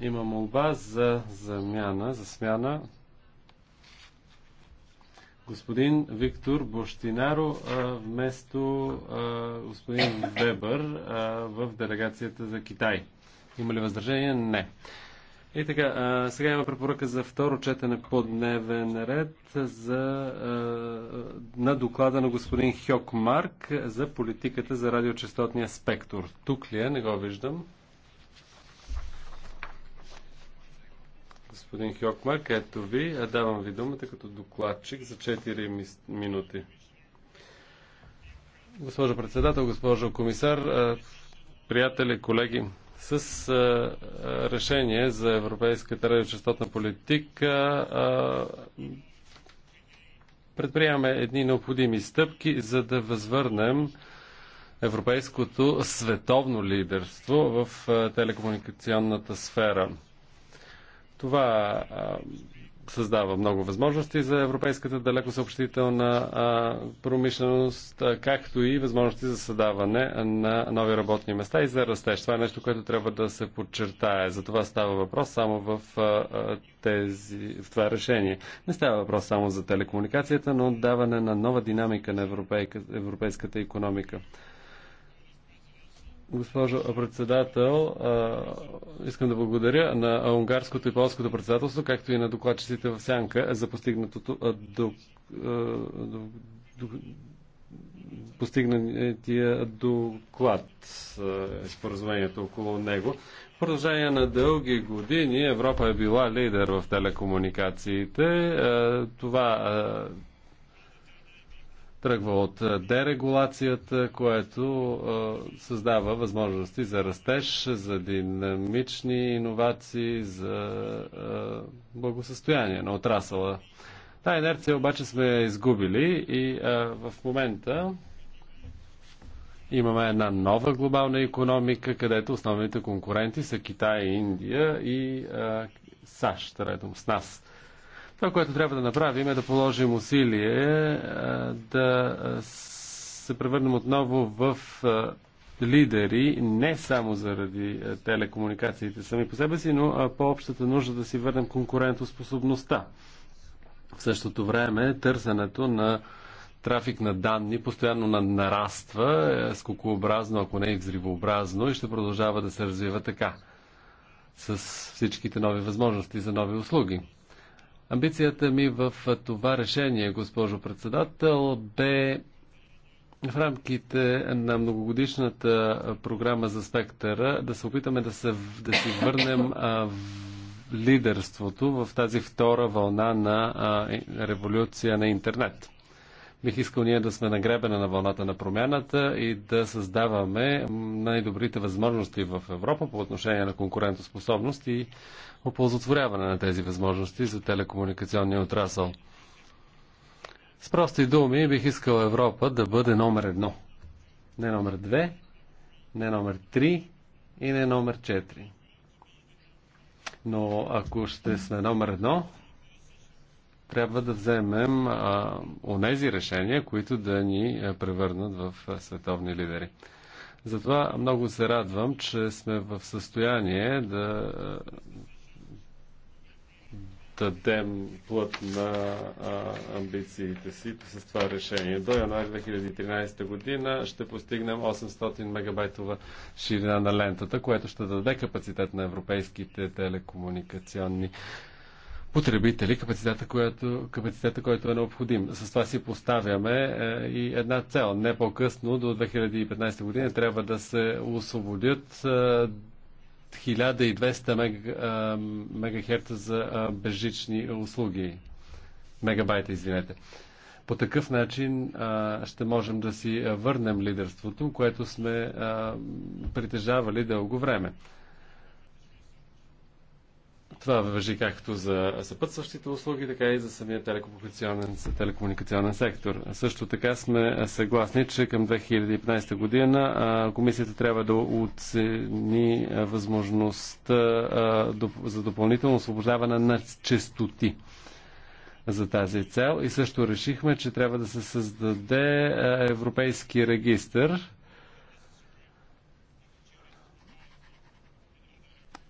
има молба за замяна, за смяна. Господин Виктор Бощинаро вместо господин Вебър в делегацията за Китай. Има ли въздържение? Не. И така, сега има препоръка за второ четене по дневен ред за, на доклада на господин Хьок Марк за политиката за радиочастотния спектър. Тук ли е? Не го виждам. господин Хьокмар, Ето ви, а давам ви думата като докладчик за 4 минути. Госпожо председател, госпожо комисар, приятели, колеги, с решение за европейската радиочастотна политика предприемаме едни необходими стъпки, за да възвърнем европейското световно лидерство в телекомуникационната сфера. Това създава много възможности за европейската далеко съобщителна промишленост, както и възможности за създаване на нови работни места и за растеж. Това е нещо, което трябва да се подчертае. За това става въпрос само в, тези, в това решение. Не става въпрос само за телекомуникацията, но даване на нова динамика на европейската економика. Госпожо председател, искам да благодаря на унгарското и полското председателство, както и на докладчиците в Сянка за постигнатото до, до, до, постигнатия доклад, споразумението около него. В продължение на дълги години Европа е била лидер в телекомуникациите. Това тръгва от е, дерегулацията, което е, създава възможности за растеж, за динамични иновации, за е, благосъстояние на отрасъла. Та инерция обаче сме изгубили и в момента имаме една нова глобална економика, където основните конкуренти са Китай, Индия и САЩ, редом с нас. Това, което трябва да направим е да положим усилие е, да се превърнем отново в е, лидери, не само заради е, телекомуникациите сами по себе си, но по общата нужда да си върнем конкурентоспособността. В същото време търсенето на трафик на данни постоянно нараства, скокообразно, ако не и взривообразно, и ще продължава да се развива така, с всичките нови възможности за нови услуги. Амбицията ми в това решение, госпожо председател, бе в рамките на многогодишната програма за спектъра да се опитаме да, се, да си върнем а, в лидерството в тази втора вълна на а, революция на интернет. Бих искал ние да сме нагребена на вълната на промяната и да създаваме най-добрите възможности в Европа по отношение на конкурентоспособност и оползотворяване на тези възможности за телекомуникационния отрасъл. С прости думи бих искал Европа да бъде номер едно. Не номер две, не номер три и не номер четири. Но ако ще сме номер едно, трябва да вземем а, онези решения, които да ни е, превърнат в е, световни лидери. Затова много се радвам, че сме в състояние да е, дадем плът на а, амбициите си с това решение. До януари 2013 година ще постигнем 800 мегабайтова ширина на лентата, което ще даде капацитет на европейските телекомуникационни потребители капацитета, която, капацитета, който е необходим. С това си поставяме е, и една цел. Не по-късно до 2015 година трябва да се освободят е, 1200 мег, е, мегахерца за е, безжични услуги. Мегабайта, извинете. По такъв начин а, е, ще можем да си върнем лидерството, което сме а, е, притежавали дълго време. Това въжи както за съпътстващите услуги, така и за самия телекомуникационен, телекомуникационен сектор. Също така сме съгласни, че към 2015 година комисията трябва да оцени възможността за допълнително освобождаване на честоти за тази цел и също решихме, че трябва да се създаде европейски регистр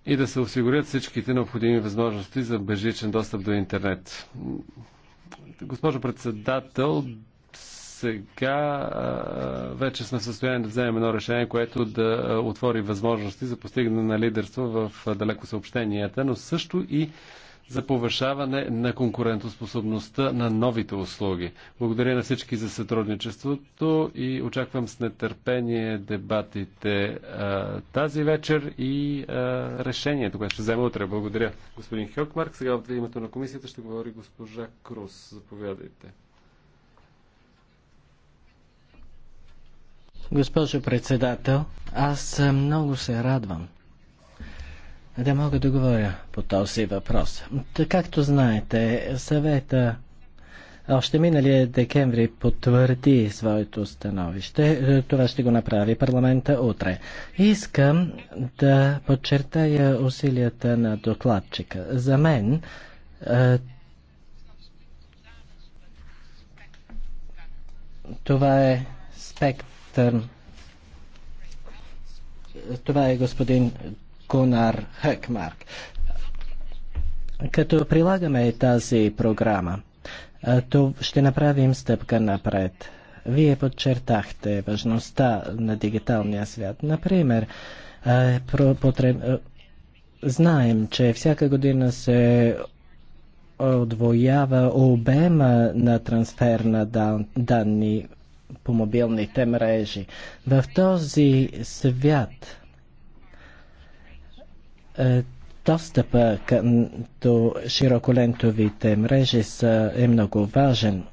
и да се осигурят всичките необходими възможности за безжичен достъп до интернет. Госпожо председател, сега вече сме в състояние да вземем едно решение, което да отвори възможности за постигане на лидерство в далеко съобщенията, но също и за повишаване на конкурентоспособността на новите услуги. Благодаря на всички за сътрудничеството и очаквам с нетърпение дебатите а, тази вечер и а, решението, което ще вземе утре. Благодаря, господин Хьокмарк. Сега от името на комисията ще говори госпожа Крус. Заповядайте. Госпожо председател, аз много се радвам, да мога да говоря по този въпрос. Както знаете, съвета още миналия декември потвърди своето становище. Това ще го направи парламента утре. Искам да подчертая усилията на докладчика. За мен е, това е спектър. Това е господин Конар Хъкмарк. Като прилагаме тази програма, то ще направим стъпка напред. Вие подчертахте важността на дигиталния свят. Например, знаем, че всяка година се отвоява обема на трансфер на данни по мобилните мрежи. В този свят е, достъпа към, до широколентовите мрежи са, е много важен.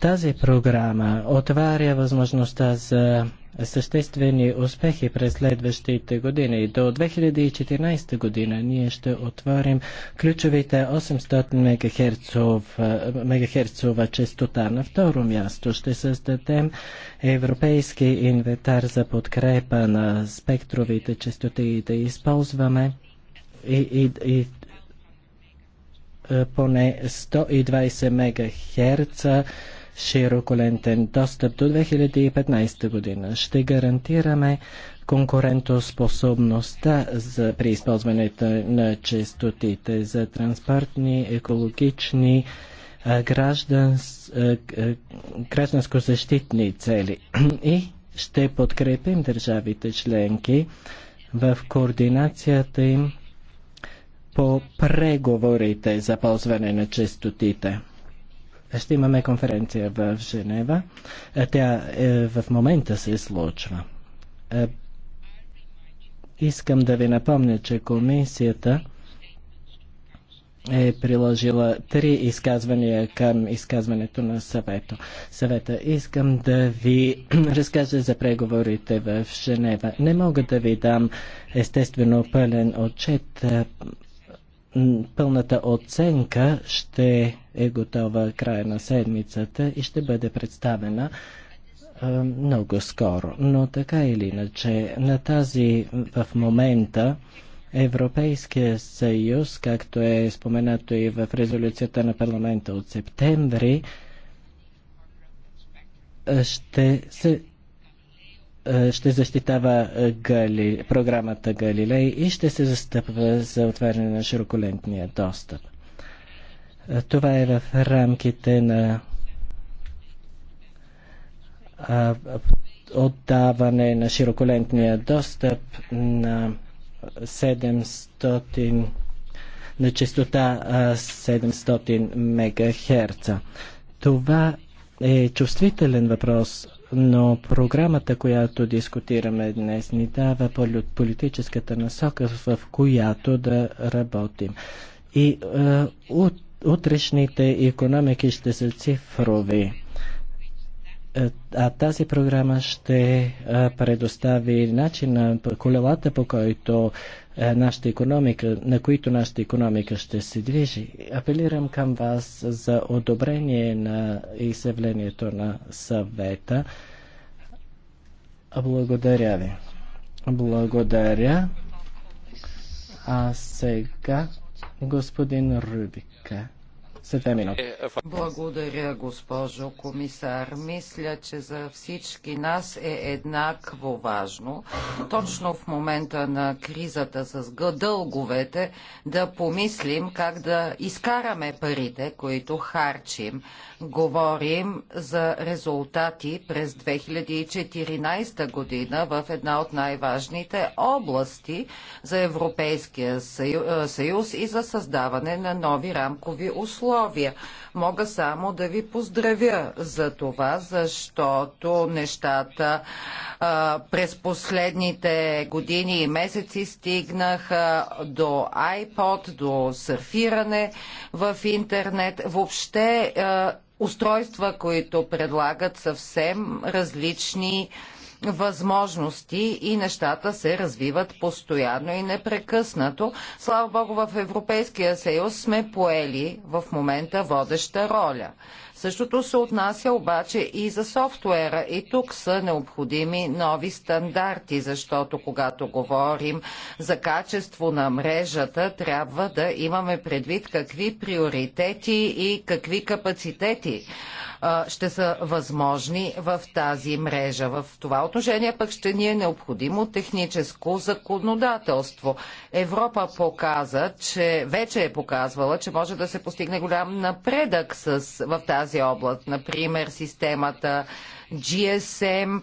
Тази програма отваря възможността за съществени успехи през следващите години. До 2014 година ние ще отворим ключовите 800 мегахерцова частота. На второ място ще създадем европейски инвентар за подкрепа на спектровите частоти и да използваме и, и, и е, поне 120 мегахерца широколентен достъп до 2015 година. Ще гарантираме конкурентоспособността за, при използването на честотите за транспортни, екологични, гражданс, гражданско-защитни цели и ще подкрепим държавите членки в координацията им по преговорите за ползване на честотите ще имаме конференция в Женева. Е, тя е, в момента се случва. Е, искам да ви напомня, че комисията е приложила три изказвания към изказването на съвето. съвета. Искам да ви разкажа за преговорите в Женева. Не мога да ви дам естествено пълен отчет Пълната оценка ще е готова края на седмицата и ще бъде представена много скоро. Но така или иначе, на тази в момента Европейския съюз, както е споменато и в резолюцията на парламента от септември, ще се е, ще защитава е, Гали, програмата Галилей и ще се застъпва за отваряне на широколентния достъп. Е, това е в рамките на отдаване на широколентния достъп на 700 на частота 700 мегахерца. Това е чувствителен въпрос но програмата, която дискутираме днес, ни дава политическата насока, в която да работим. И е, ут, утрешните економики ще са цифрови. Е, а тази програма ще е, предостави начина, колелата по който е, нашата економика, на които нашата економика ще се движи. Апелирам към вас за одобрение на изявлението на съвета. Благодаря ви. Благодаря. А сега господин Рубика две минути. Благодаря, госпожо комисар. Мисля, че за всички нас е еднакво важно, точно в момента на кризата с дълговете, да помислим как да изкараме парите, които харчим. Говорим за резултати през 2014 година в една от най-важните области за Европейския съюз и за създаване на нови рамкови условия условия. Мога само да ви поздравя за това, защото нещата а, през последните години и месеци стигнаха до iPod, до сърфиране в интернет. Въобще а, устройства, които предлагат съвсем различни а, възможности и нещата се развиват постоянно и непрекъснато. Слава Богу, в Европейския съюз сме поели в момента водеща роля. Същото се отнася обаче и за софтуера. И тук са необходими нови стандарти, защото когато говорим за качество на мрежата, трябва да имаме предвид какви приоритети и какви капацитети ще са възможни в тази мрежа. В това отношение пък ще ни е необходимо техническо законодателство. Европа показа, че вече е показвала, че може да се постигне голям напредък с, в тази област. Например, системата GSM,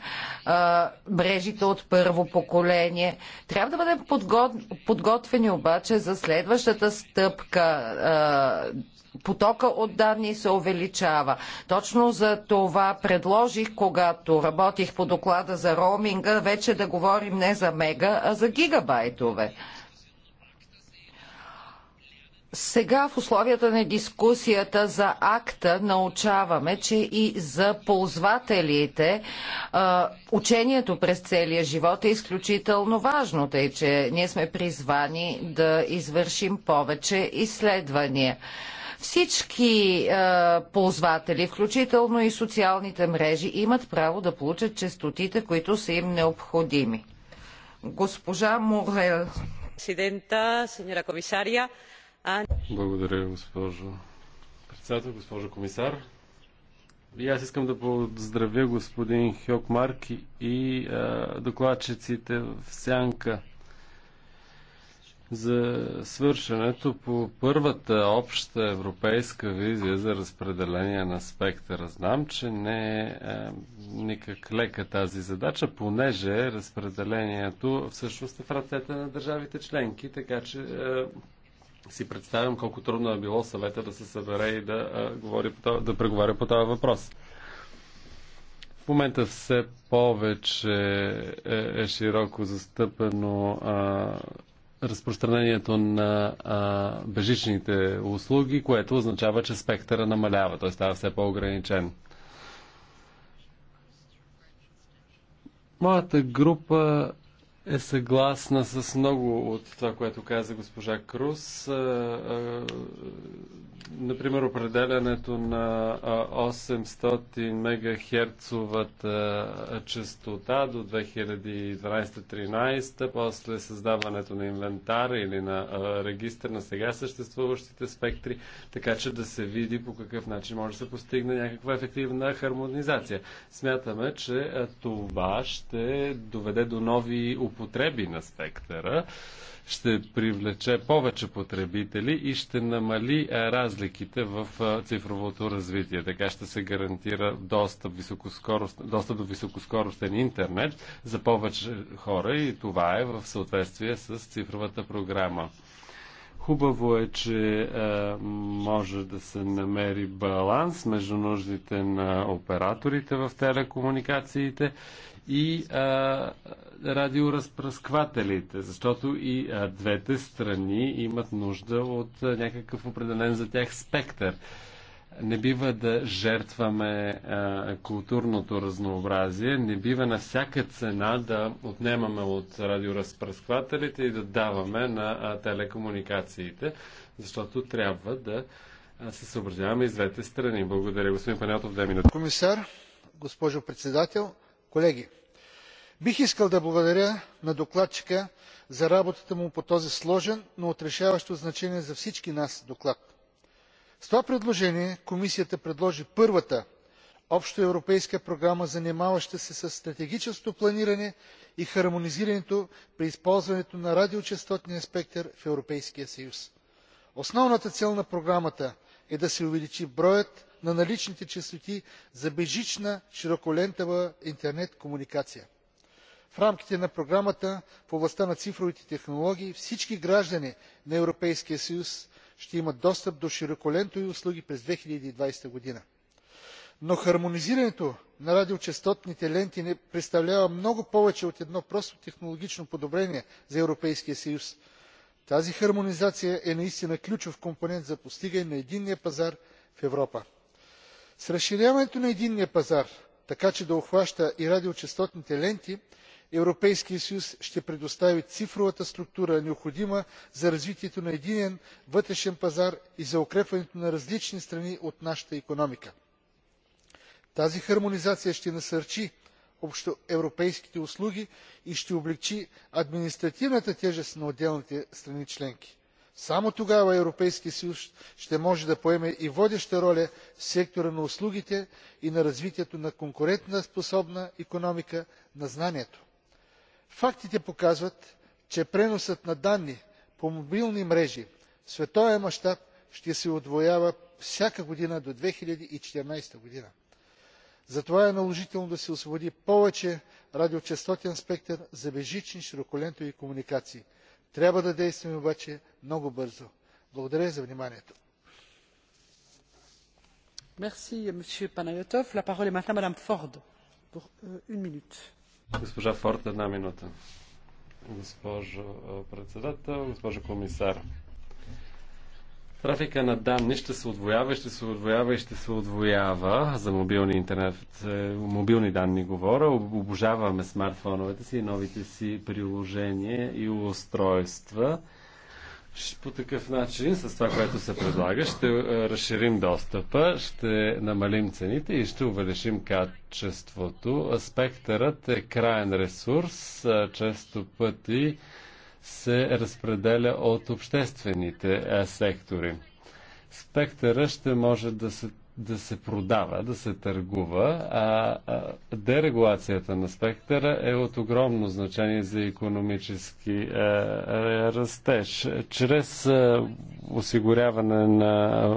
мрежите от първо поколение. Трябва да бъдем подготвени обаче за следващата стъпка потока от данни се увеличава. Точно за това предложих, когато работих по доклада за роуминга, вече да говорим не за мега, а за гигабайтове. Сега в условията на дискусията за акта научаваме, че и за ползвателите учението през целия живот е изключително важно, тъй че ние сме призвани да извършим повече изследвания. Всички е, ползватели, включително и социалните мрежи, имат право да получат частотите, които са им необходими. Госпожа Морел. Благодаря, госпожо председател, госпожо комисар. И аз искам да поздравя господин Марки и а, докладчиците в Сянка за свършенето по първата обща европейска визия за разпределение на спектъра. Знам, че не е, е никак лека тази задача, понеже разпределението всъщност е в ръцете на държавите членки, така че е, си представям колко трудно е било съвета да се събере и да, е, говори по това, да преговаря по този въпрос. В момента все повече е, е широко застъпено разпространението на а, бежичните услуги, което означава, че спектъра намалява, т.е. става все по-ограничен. Моята група е съгласна с много от това, което каза госпожа Крус. Например, определянето на 800 мегахерцовата частота до 2012-13, после създаването на инвентар или на регистр на сега съществуващите спектри, така че да се види по какъв начин може да се постигне някаква ефективна хармонизация. Смятаме, че това ще доведе до нови употреби на спектъра, ще привлече повече потребители и ще намали е, разликите в е, цифровото развитие. Така ще се гарантира достъп, високоскорост, достъп до високоскоростен интернет за повече хора и това е в съответствие с цифровата програма. Хубаво е, че е, може да се намери баланс между нуждите на операторите в телекомуникациите и е, радиоразпръсквателите, защото и е, двете страни имат нужда от е, някакъв определен за тях спектър не бива да жертваме а, културното разнообразие, не бива на всяка цена да отнемаме от радиоразпръсквателите и да даваме на а, телекомуникациите, защото трябва да а, се съобразяваме и с двете страни. Благодаря, господин Панелтов, две минути. Комисар, госпожо председател, колеги, бих искал да благодаря на докладчика за работата му по този сложен, но отрешаващо значение за всички нас доклад с това предложение комисията предложи първата общоевропейска програма занимаваща се със стратегическото планиране и хармонизирането при използването на радиочестотния спектър в европейския съюз. основната цел на програмата е да се увеличи броят на наличните честоти за безжична широколентова интернет комуникация. в рамките на програмата в областта на цифровите технологии всички граждани на европейския съюз ще имат достъп до широколентови услуги през. две хиляди и двадесета г. но хармонизирането на радиочестотните ленти не представлява много повече от едно просто технологично подобрение за европейския съюз. тази хармонизация е наистина ключов компонент за постигане на единния пазар в европа. с разширяването на единния пазар така че да обхваща и радиочестотните ленти европейският съюз ще предостави цифровата структура необходима за развитието на единен вътрешен пазар и за укрепването на различни страни от нашата икономика. тази хармонизация ще насърчи общоевропейските услуги и ще облекчи административната тежест на отделните страни членки. само тогава европейският съюз ще може да поеме и водеща роля в сектора на услугите и на развитието на конкурентоспособна икономика на знанието фактите показват че преносът на данни по мобилни мрежи в световен мащаб ще се удвоява всяка година до две хиляди и четиринадесета година. затова е наложително да се освободи повече радиочестотен спектър за безжични широколентови комуникации. трябва да действаме обаче много бързо. благодаря за вниманието. Госпожа Форд, една минута. Госпожо председател, госпожо комисар. Трафика на данни ще се отвоява, ще се отвоява и ще се отвоява за мобилни интернет, мобилни данни говоря. Обожаваме смартфоновете си, и новите си приложения и устройства по такъв начин, с това, което се предлага, ще е, разширим достъпа, ще намалим цените и ще увеличим качеството. Спектърът е краен ресурс, често пъти се разпределя от обществените сектори. Спектъра ще може да се да се продава, да се търгува, а, а дерегулацията на спектъра е от огромно значение за економически а, е, е, растеж. Чрез а, е, осигуряване на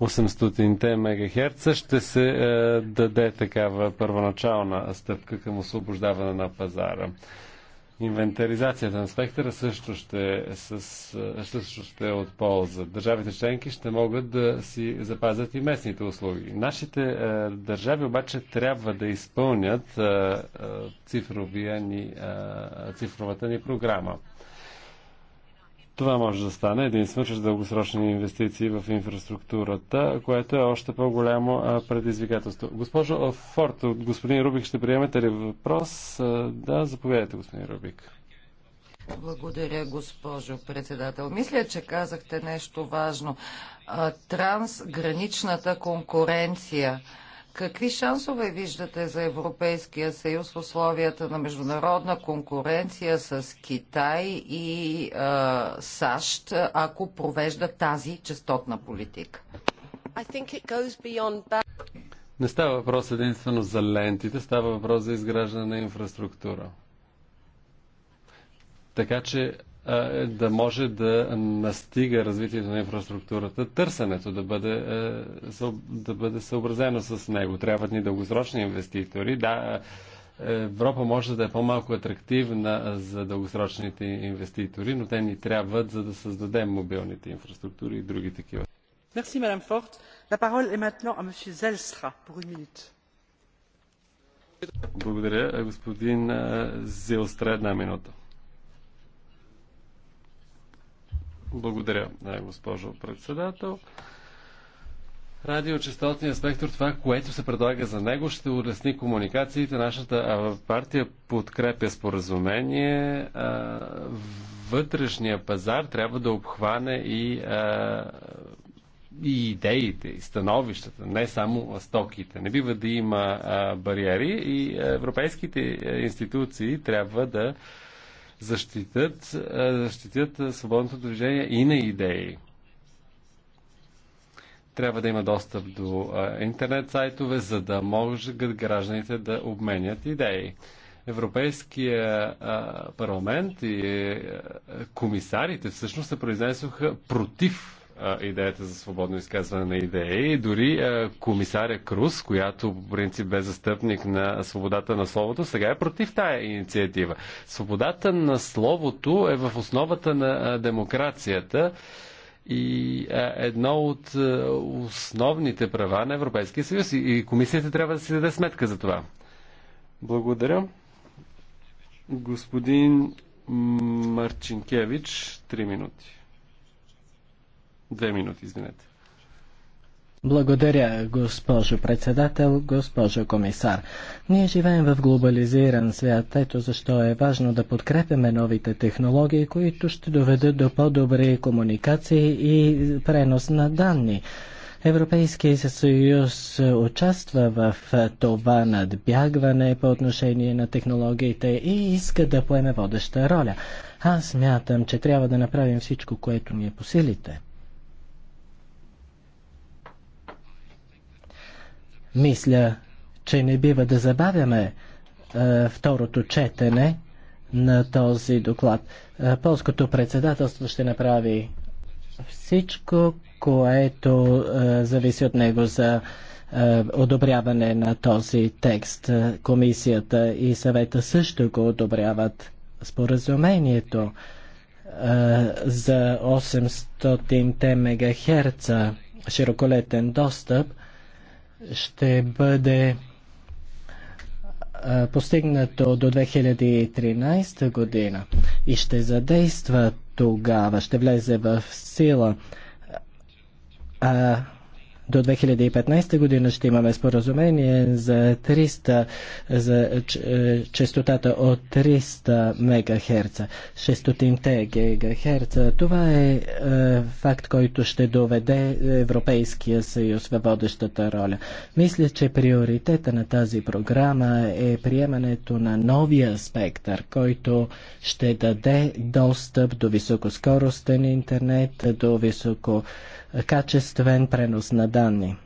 800-те МГц ще се а, даде такава първоначална стъпка към освобождаване на пазара. Инвентаризацията на спектъра също ще, с, също ще е от полза. Държавите членки ще могат да си запазят и местните услуги. Нашите е, държави обаче трябва да изпълнят е, е, цифровия ни, е, цифровата ни програма. Това може да стане единствено чрез дългосрочни инвестиции в инфраструктурата, което е още по-голямо предизвикателство. Госпожо Форт, от господин Рубик ще приемете ли въпрос? Да, заповядайте, господин Рубик. Благодаря, госпожо председател. Мисля, че казахте нещо важно. Трансграничната конкуренция Какви шансове виждате за Европейския съюз в условията на международна конкуренция с Китай и е, САЩ, ако провежда тази частотна политика? Beyond... Не става въпрос единствено за лентите, става въпрос за изграждане на инфраструктура. Така че е, да може да настига развитието на инфраструктурата, търсенето да бъде, е, да бъде съобразено с него. Трябват ни дългосрочни инвеститори. Да, е, Европа може да е по-малко атрактивна за дългосрочните инвеститори, но те ни трябват, за да създадем мобилните инфраструктури и други такива. Merci, Madame Fort. La parole est maintenant à Monsieur Zelstra pour une minute. Благодаря, господин Зелстра, една минута. Благодаря, е, госпожо председател. Радиочастотният спектър, това, което се предлага за него, ще улесни комуникациите. Нашата партия подкрепя споразумение. Вътрешния пазар трябва да обхване и, и идеите, и становищата, не само стоките. Не бива да има бариери и европейските институции трябва да защитят, защитят свободното движение и на идеи. Трябва да има достъп до интернет сайтове, за да могат гражданите да обменят идеи. Европейския парламент и комисарите всъщност се произнесоха против идеята за свободно изказване на идеи. Дори комисаря Крус, която по принцип бе застъпник на свободата на словото, сега е против тая инициатива. Свободата на словото е в основата на демокрацията и едно от основните права на Европейския съюз. И комисията трябва да си даде сметка за това. Благодаря. Господин Марчинкевич, 3 минути. Две минути, извинете. Благодаря, госпожо председател, госпожо комисар. Ние живеем в глобализиран свят, ето защо е важно да подкрепяме новите технологии, които ще доведат до по-добри комуникации и пренос на данни. Европейския съюз участва в това надбягване по отношение на технологиите и иска да поеме водеща роля. Аз мятам, че трябва да направим всичко, което ни е по силите. Мисля, че не бива да забавяме е, второто четене на този доклад. Е, полското председателство ще направи всичко, което е, зависи от него за е, одобряване на този текст. Комисията и съвета също го одобряват. Споразумението е, за 800 мегахерца широколетен достъп – ще бъде постигнато до 2013 година и ще задейства тогава, ще влезе в сила. А, до 2015 година ще имаме споразумение за 300, за е, частотата от 300 МГц, 600 ГГц. Това е, е факт, който ще доведе Европейския съюз във водещата роля. Мисля, че приоритета на тази програма е приемането на новия спектър, който ще даде достъп до високоскоростен интернет, до висококачествен пренос на данни данни.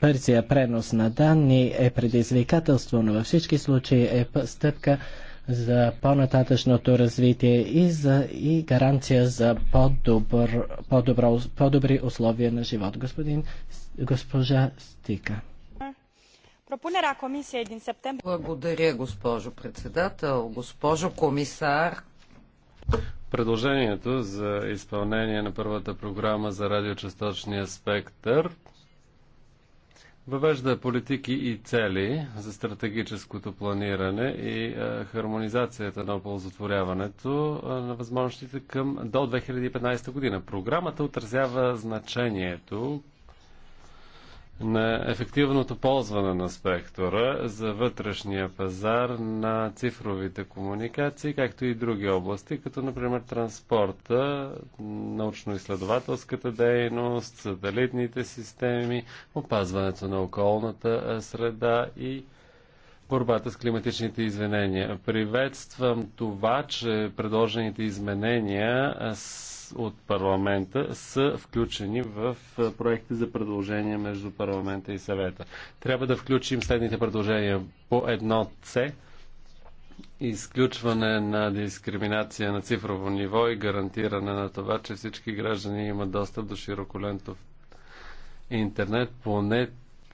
Бързия пренос на данни е предизвикателство, но във всички случаи е стъпка за по-нататъчното развитие и, за, и гаранция за по-добър, по-добро, по-добри условия на живот. Господин, госпожа Стика. Благодаря, госпожо председател. Госпожо комисар, Предложението за изпълнение на първата програма за радиочасточния спектър въвежда политики и цели за стратегическото планиране и хармонизацията на оползотворяването на възможностите към до 2015 година. Програмата отразява значението, на ефективното ползване на спектъра за вътрешния пазар на цифровите комуникации, както и други области, като например транспорта, научно-изследователската дейност, сателитните системи, опазването на околната среда и борбата с климатичните изменения. Приветствам това, че предложените изменения са от парламента са включени в проекти за предложения между парламента и съвета. Трябва да включим следните предложения по едно С изключване на дискриминация на цифрово ниво и гарантиране на това, че всички граждани имат достъп до широколентов интернет поне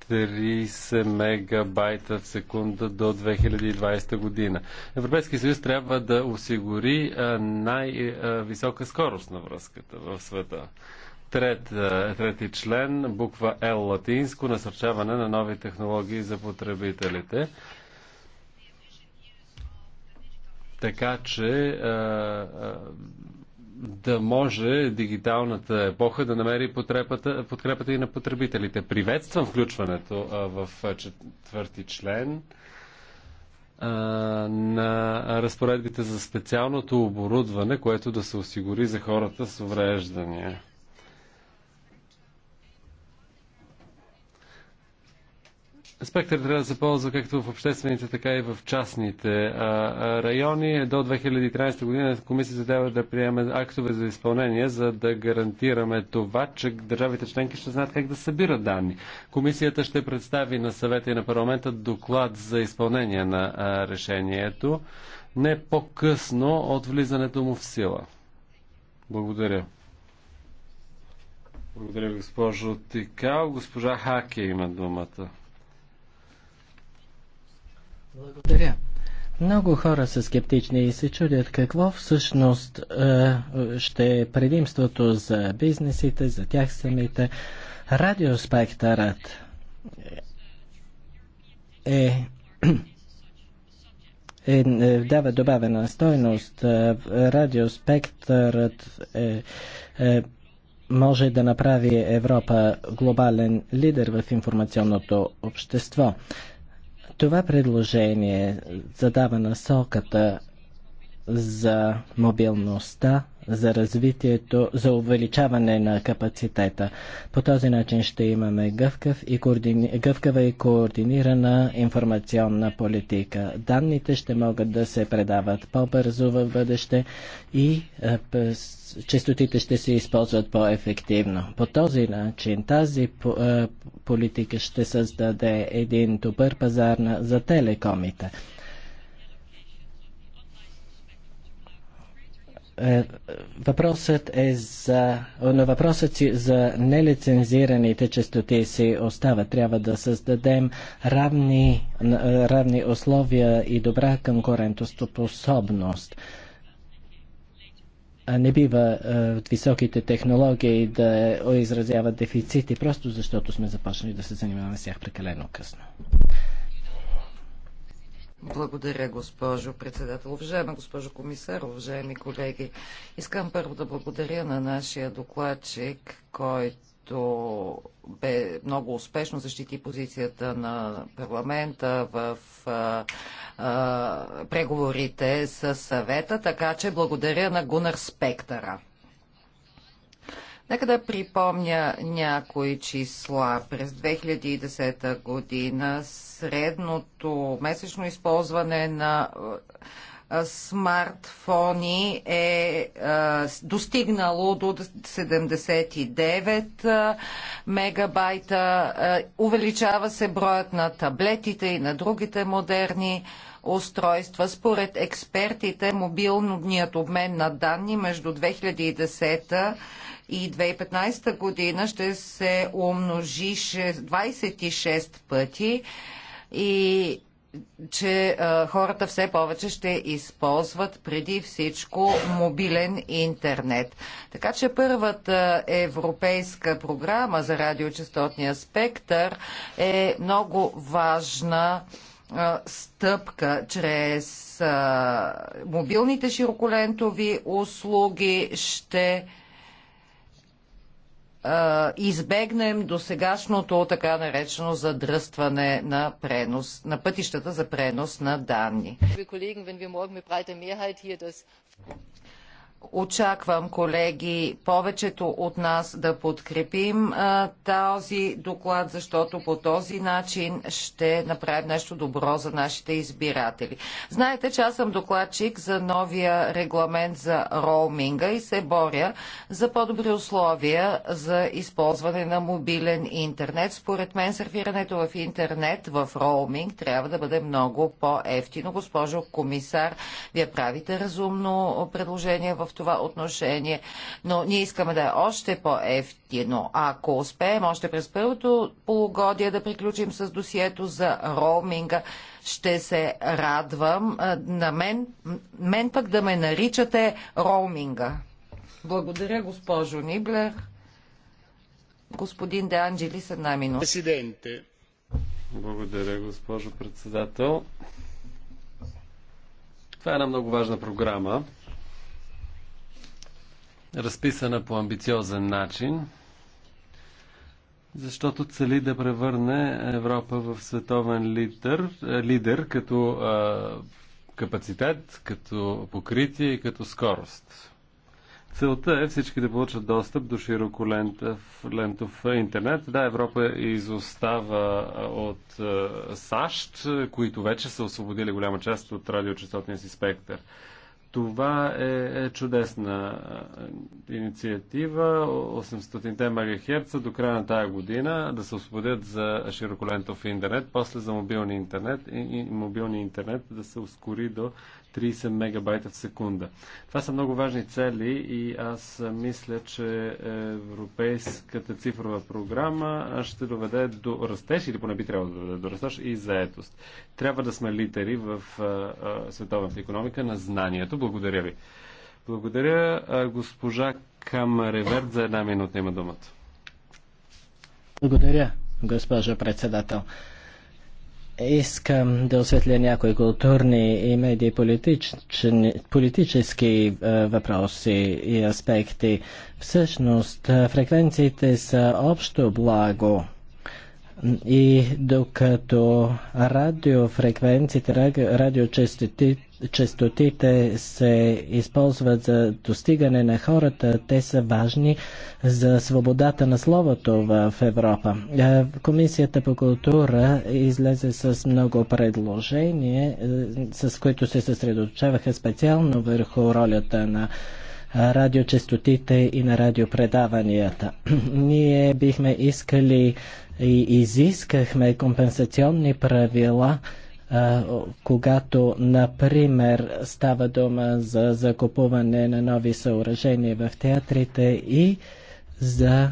30 мегабайта в секунда до 2020 година. Европейски съюз трябва да осигури най-висока скорост на връзката в света. Трет, трети член, буква L латинско, насърчаване на нови технологии за потребителите. Така че да може дигиталната епоха да намери подкрепата, и на потребителите. Приветствам включването в четвърти член на разпоредбите за специалното оборудване, което да се осигури за хората с увреждания. Спектър трябва да се ползва както в обществените, така и в частните райони. До 2013 година комисията трябва да приеме актове за изпълнение, за да гарантираме това, че държавите членки ще знаят как да събират данни. Комисията ще представи на съвета и на парламента доклад за изпълнение на решението не по-късно от влизането му в сила. Благодаря. Благодаря, госпожо Тикал. Госпожа Хаке има думата. Благодаря. Много хора са скептични и се чудят какво всъщност е, ще е предимството за бизнесите, за тях самите. Радиоспектърът е, е, е дава добавена стойност. Е, радиоспектърът е, е, може да направи Европа глобален лидер в информационното общество. Това предложение задава насоката за мобилността, за развитието, за увеличаване на капацитета. По този начин ще имаме гъвкав и координи... гъвкава и координирана информационна политика. Данните ще могат да се предават по-бързо в бъдеще и е, частотите ще се използват по-ефективно. По този начин тази е, политика ще създаде един добър пазар за телекомите. Е, въпросът е за... Но въпросът си за нелицензираните частоти си остава. Трябва да създадем равни, равни условия и добра конкурентоспособност. Не бива е, високите технологии да изразяват дефицити, просто защото сме започнали да се занимаваме с тях прекалено късно. Благодаря, госпожо председател. Уважаема госпожо комисар, уважаеми колеги, искам първо да благодаря на нашия докладчик, който бе много успешно защити позицията на парламента в а, а, преговорите с съвета, така че благодаря на Гунар Спектъра. Нека да припомня някои числа. През 2010 година средното месечно използване на смартфони е достигнало до 79 мегабайта. Увеличава се броят на таблетите и на другите модерни устройства. Според експертите, мобилният обмен на данни между 2010 и 2015 година ще се умножи 26 пъти и че а, хората все повече ще използват преди всичко мобилен интернет. Така че първата европейска програма за радиочастотния спектър е много важна а, стъпка чрез а, мобилните широколентови услуги ще избегнем до сегашното така наречено задръстване на, пренос, на пътищата за пренос на данни. Очаквам, колеги, повечето от нас да подкрепим а, този доклад, защото по този начин ще направим нещо добро за нашите избиратели. Знаете, че аз съм докладчик за новия регламент за роуминга и се боря за по-добри условия за използване на мобилен интернет. Според мен сервирането в интернет в роуминг трябва да бъде много по-ефтино. Госпожо комисар, вие правите разумно предложение в това отношение, но ние искаме да е още по-ефтино. Ако успеем още през първото полугодие да приключим с досието за роуминга, ще се радвам на мен, мен пък да ме наричате роуминга. Благодаря, госпожо Ниблер. Господин Де Анджелис, една минута. Благодаря, госпожо председател. Това е една много важна програма разписана по амбициозен начин, защото цели да превърне Европа в световен лидер, е, лидер като а, капацитет, като покритие и като скорост. Целта е всички да получат достъп до широко лентов интернет. Да, Европа изостава от САЩ, които вече са освободили голяма част от радиочастотния си спектър. Това е, е чудесна е, инициатива. 800-те МГц до края на тая година да се освободят за широколентов интернет, после за мобилни интернет и, и мобилни интернет да се ускори до 30 мегабайта в секунда. Това са много важни цели и аз мисля, че Европейската цифрова програма ще доведе до растеж, или поне би трябвало да доведе до растеж и заетост. Трябва да сме лидери в световната економика на знанието. Благодаря ви. Благодаря. Госпожа Камареверт за една минута има думата. Благодаря, госпожо председател. Искам да осветля някои културни и медии политически е, въпроси и аспекти. Всъщност, е, фреквенциите са общо благо. И докато радиофреквенците, радиочастотите се използват за достигане на хората, те са важни за свободата на словото в Европа. Е, Комисията по култура излезе с много предложения, е, с които се съсредоточаваха специално върху ролята на радиочестотите и на радиопредаванията. Ние бихме искали и изискахме компенсационни правила, когато, например, става дума за закупуване на нови съоръжения в театрите и за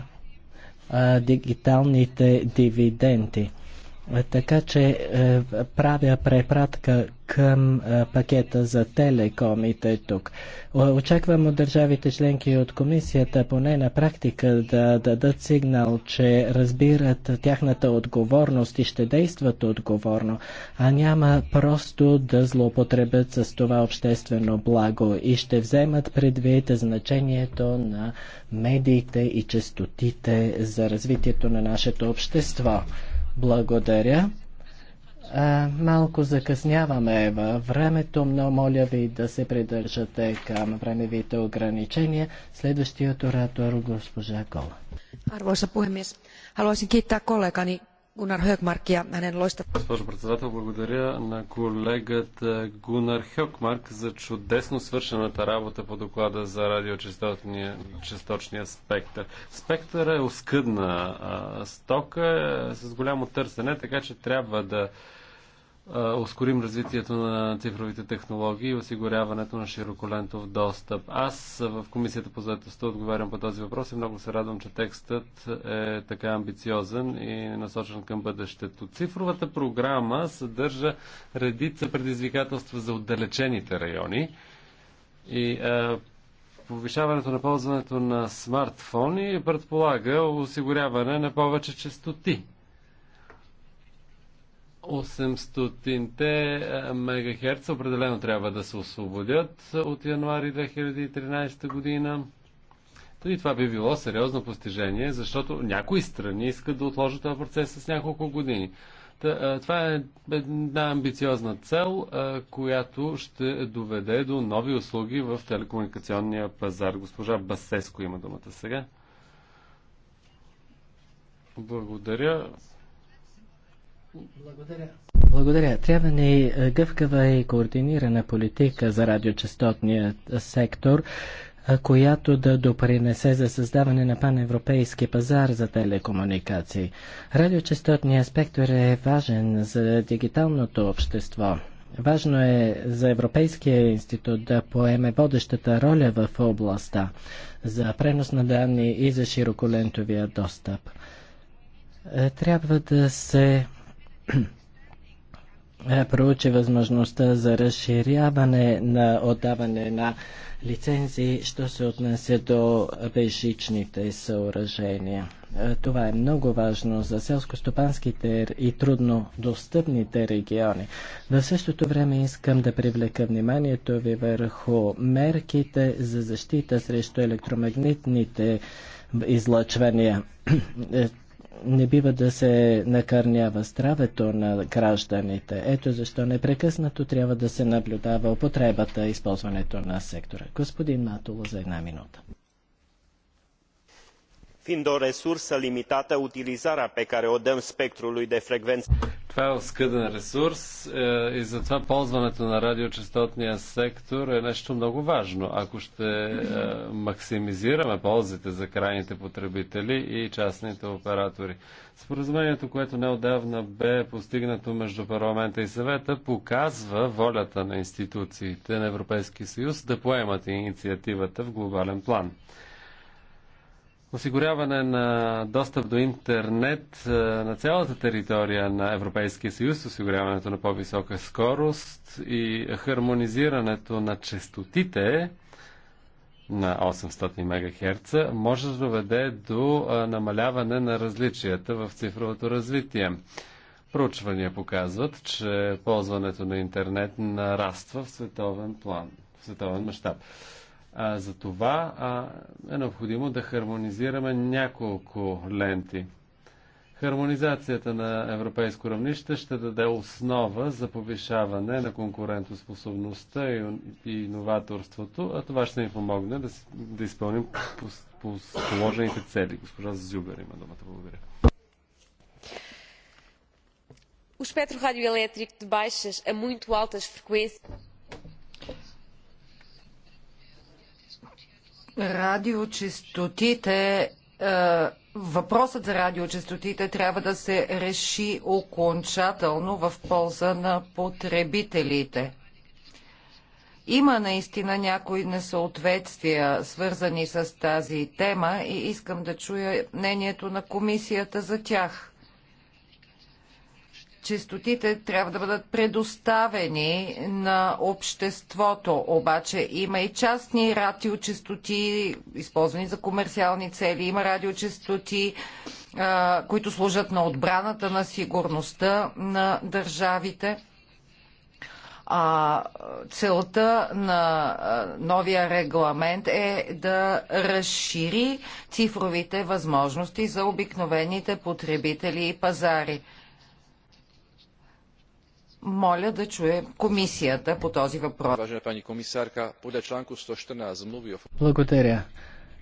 дигиталните дивиденти. Така че е, правя препратка към е, пакета за телекомите тук. Очаквам от държавите членки и от комисията поне на практика да дадат сигнал, че разбират тяхната отговорност и ще действат отговорно, а няма просто да злоупотребят с това обществено благо и ще вземат предвид значението на медиите и частотите за развитието на нашето общество. Благодаря. А, малко закъсняваме във времето, но моля ви да се придържате към времевите ограничения. Следващият оратор госпожа Кола. Arvoisa puhemies, haluaisin kiittää kollegani Гунар Хъкмарк и Анен Лойста. Госпожо председател, благодаря на колегата Гунар Хъкмарк за чудесно свършената работа по доклада за радиочасточния спектър. Спектър е оскъдна стока е с голямо търсене, така че трябва да ускорим развитието на цифровите технологии и осигуряването на широколентов достъп. Аз в Комисията по заедостта отговарям по този въпрос и много се радвам, че текстът е така амбициозен и насочен към бъдещето. Цифровата програма съдържа редица предизвикателства за отдалечените райони и е, повишаването на ползването на смартфони предполага осигуряване на повече частоти 800-те е, мегахерц определено трябва да се освободят от януари 2013 година. И това би било сериозно постижение, защото някои страни искат да отложат този процес с няколко години. Е, това е една амбициозна цел, е, която ще доведе до нови услуги в телекомуникационния пазар. Госпожа Басеско има думата сега. Благодаря. Благодаря. Благодаря. Трябва ни е, гъвкава и координирана политика за радиочастотния сектор, е, която да допринесе за създаване на паневропейски пазар за телекомуникации. Радиочастотният спектър е важен за дигиталното общество. Важно е за Европейския институт да поеме водещата роля в областта за пренос на данни и за широколентовия достъп. Е, трябва да се е, проучи възможността за разширяване на отдаване на лицензии, що се отнася до вежичните съоръжения. Е, това е много важно за селско-стопанските и трудно достъпните региони. В същото време искам да привлека вниманието ви върху мерките за защита срещу електромагнитните излъчвания. Е, не бива да се накърнява здравето на гражданите. Ето защо непрекъснато трябва да се наблюдава употребата и използването на сектора. Господин Матоло за една минута fiind o resursă limitată utilizarea pe care o dăm spectrului de frecvențe това е оскъден ресурс е, и затова ползването на радиочастотния сектор е нещо много важно. Ако ще е, максимизираме ползите за крайните потребители и частните оператори. Споразумението, което неодавна бе постигнато между парламента и съвета, показва волята на институциите на Европейския съюз да поемат инициативата в глобален план осигуряване на достъп до интернет е, на цялата територия на Европейския съюз, осигуряването на по-висока скорост и хармонизирането на частотите на 800 МГц може да доведе до е, намаляване на различията в цифровото развитие. Проучвания показват, че ползването на интернет нараства в световен план, в световен мащаб. А, за това а, е необходимо да хармонизираме няколко ленти. Хармонизацията на европейско равнище ще даде основа за повишаване на конкурентоспособността и, и новаторството, а това ще ни помогне да, да изпълним по, положените цели. Госпожа Зюбер има думата. Благодаря. Os petrorádioelétricos de baixas a muito altas frequências. радиочестотите е, въпросът за радиочестотите трябва да се реши окончателно в полза на потребителите. Има наистина някои несъответствия, свързани с тази тема и искам да чуя мнението на комисията за тях. Честотите трябва да бъдат предоставени на обществото. Обаче има и частни радиочестоти, използвани за комерциални цели, има радиочестоти, които служат на отбраната, на сигурността на държавите. А, целта на новия регламент е да разшири цифровите възможности за обикновените потребители и пазари. Моля да чуе комисията по този въпрос. Благодаря.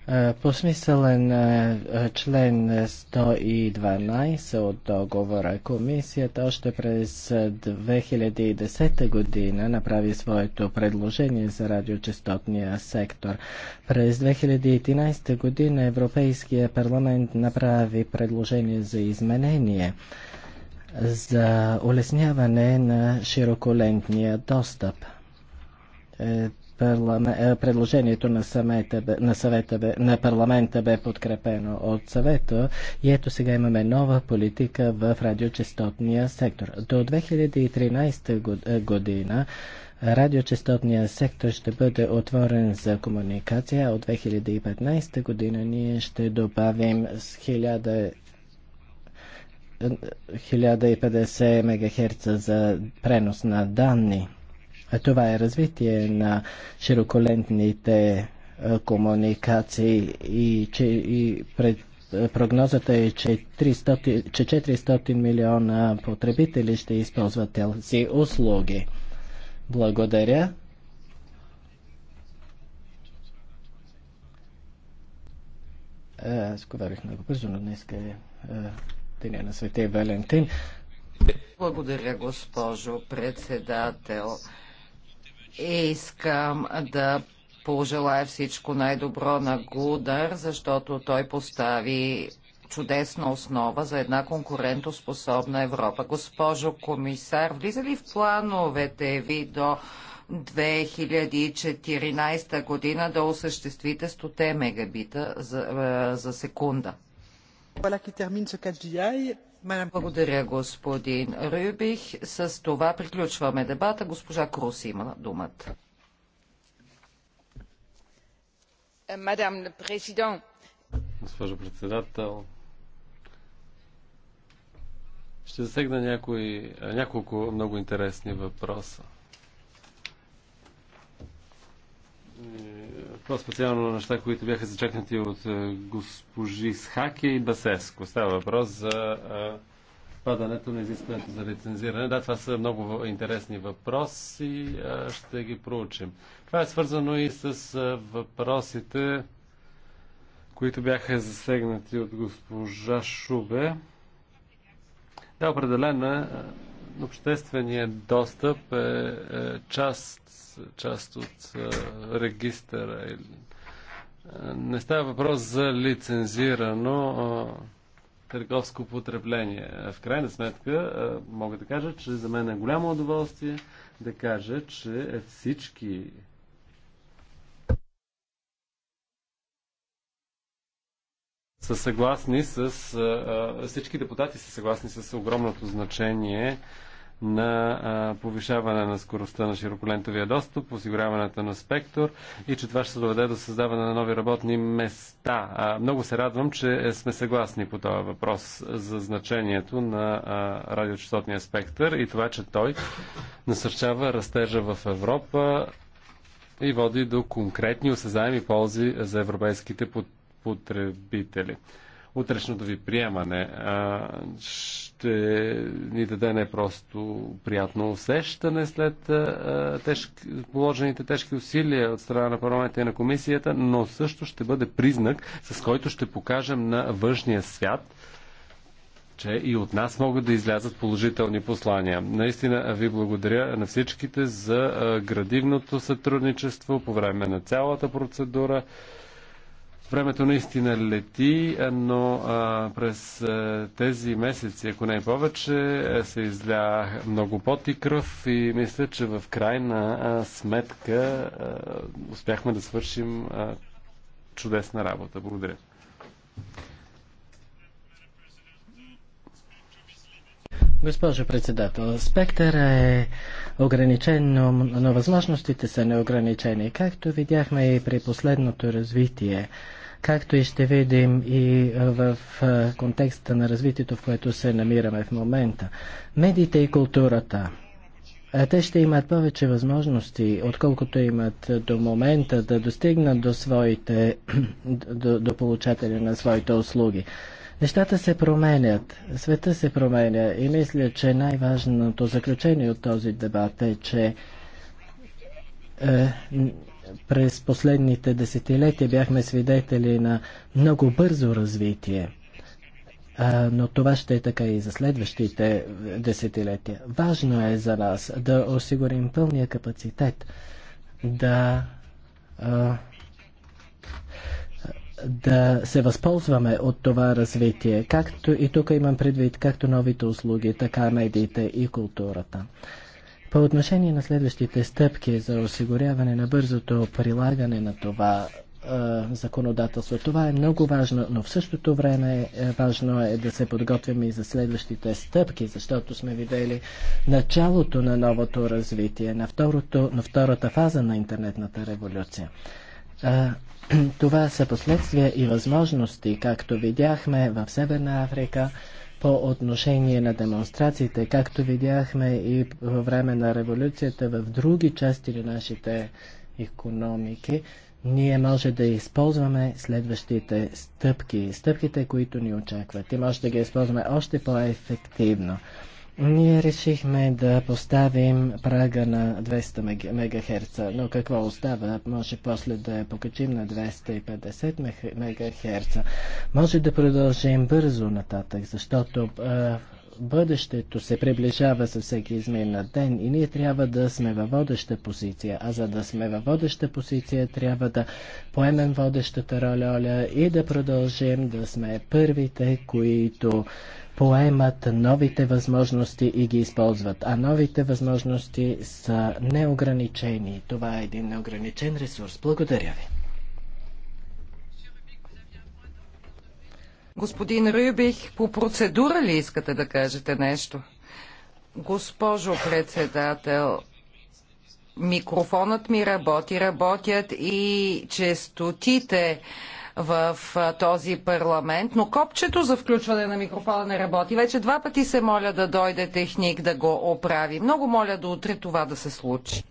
Е, по смисъла на е, е, член 112 от договора, комисията още през 2010 година направи своето предложение за радиочастотния сектор. През 2011 година Европейския парламент направи предложение за изменение за улесняване на широколентния достъп. Е, е, предложението на, съвета, на, съвета, на парламента бе подкрепено от съвета и ето сега имаме нова политика в радиочастотния сектор. До 2013 е, година радиочастотния сектор ще бъде отворен за комуникация. От 2015 година ние ще добавим 1000 1050 МГц за пренос на данни. Това е развитие на широколентните е, комуникации и, че, и пред, прогнозата е, че 400, че 400 милиона потребители ще използват тези услуги. Благодаря. Е, аз говорих много бързо, но днес е, е Деня на Свете Валентин. Благодаря, госпожо председател. Искам да пожелая всичко най-добро на ГУдар, защото той постави чудесна основа за една конкурентоспособна Европа. Госпожо комисар, влиза ли в плановете ви до 2014 година да осъществите 100 мегабита за, е, за секунда? Благодаря, господин Рюбих. С това приключваме дебата. Госпожа Крус има думата. Госпожо председател, ще засегна някои, няколко много интересни въпроса. Е, по-специално неща, които бяха зачекнати от е, госпожи Схаки и Басеско. Става въпрос за е, падането на изискването за лицензиране. Да, това са много интересни въпроси. Е, ще ги проучим. Това е свързано и с въпросите, които бяха засегнати от госпожа Шубе. Да, определена общественият достъп е част част от регистъра. Е, не става въпрос за лицензирано търговско потребление. В крайна сметка, мога да кажа, че за мен е голямо удоволствие да кажа, че всички са съгласни с, всички депутати са съгласни с огромното значение на повишаване на скоростта на широколентовия достъп, осигуряването на спектър и че това ще се доведе до създаване на нови работни места. Много се радвам, че е, сме съгласни по този въпрос за значението на радиочастотния спектър и това, че той насърчава растежа в Европа и води до конкретни осезаеми ползи за европейските потребители утрешното ви приемане а, ще ни даде не просто приятно усещане след а, тежки, положените тежки усилия от страна на парламента и на комисията, но също ще бъде признак, с който ще покажем на външния свят, че и от нас могат да излязат положителни послания. Наистина ви благодаря на всичките за градивното сътрудничество по време на цялата процедура. Времето наистина лети, но а, през а, тези месеци, ако не повече, се изля много пот и кръв и мисля, че в крайна а, сметка а, успяхме да свършим а, чудесна работа. Благодаря. Госпожо председател, спектър е ограничен, но, но възможностите са неограничени, както видяхме и при последното развитие както и ще видим и е, в е, контекста на развитието, в което се намираме в момента. Медиите и културата. Е, те ще имат повече възможности, отколкото имат до момента да достигнат до, своите, до, до получателя на своите услуги. Нещата се променят, света се променя и мисля, че най-важното заключение от този дебат е, че през последните десетилетия бяхме свидетели на много бързо развитие но това ще е така и за следващите десетилетия. Важно е за нас да осигурим пълния капацитет, да, да се възползваме от това развитие, както и тук имам предвид както новите услуги, така медиите и културата. По отношение на следващите стъпки за осигуряване на бързото прилагане на това законодателство. Това е много важно, но в същото време е важно е да се подготвим и за следващите стъпки, защото сме видели началото на новото развитие, на, второто, на втората фаза на интернетната революция. Това са последствия и възможности, както видяхме в Северна Африка, по отношение на демонстрациите, както видяхме и във време на революцията в други части на нашите економики, ние може да използваме следващите стъпки, стъпките, които ни очакват и може да ги използваме още по-ефективно. Ние решихме да поставим прага на 200 МГц, но какво остава? Може после да я покачим на 250 МГц. Може да продължим бързо нататък, защото бъдещето се приближава със всеки измина ден и ние трябва да сме във водеща позиция. А за да сме във водеща позиция, трябва да поемем водещата роля и да продължим да сме първите, които поемат новите възможности и ги използват. А новите възможности са неограничени. Това е един неограничен ресурс. Благодаря ви. Господин Рюбих, по процедура ли искате да кажете нещо? Госпожо председател, микрофонът ми работи, работят и честотите в този парламент, но копчето за включване на микрофона не работи. Вече два пъти се моля да дойде техник да го оправи. Много моля до утре това да се случи.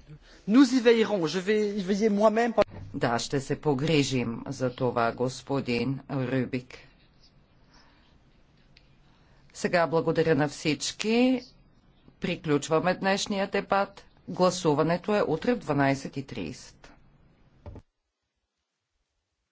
Да, ще се погрижим за това, господин Рюбик. Сега благодаря на всички. Приключваме днешния дебат. Гласуването е утре в 12.30.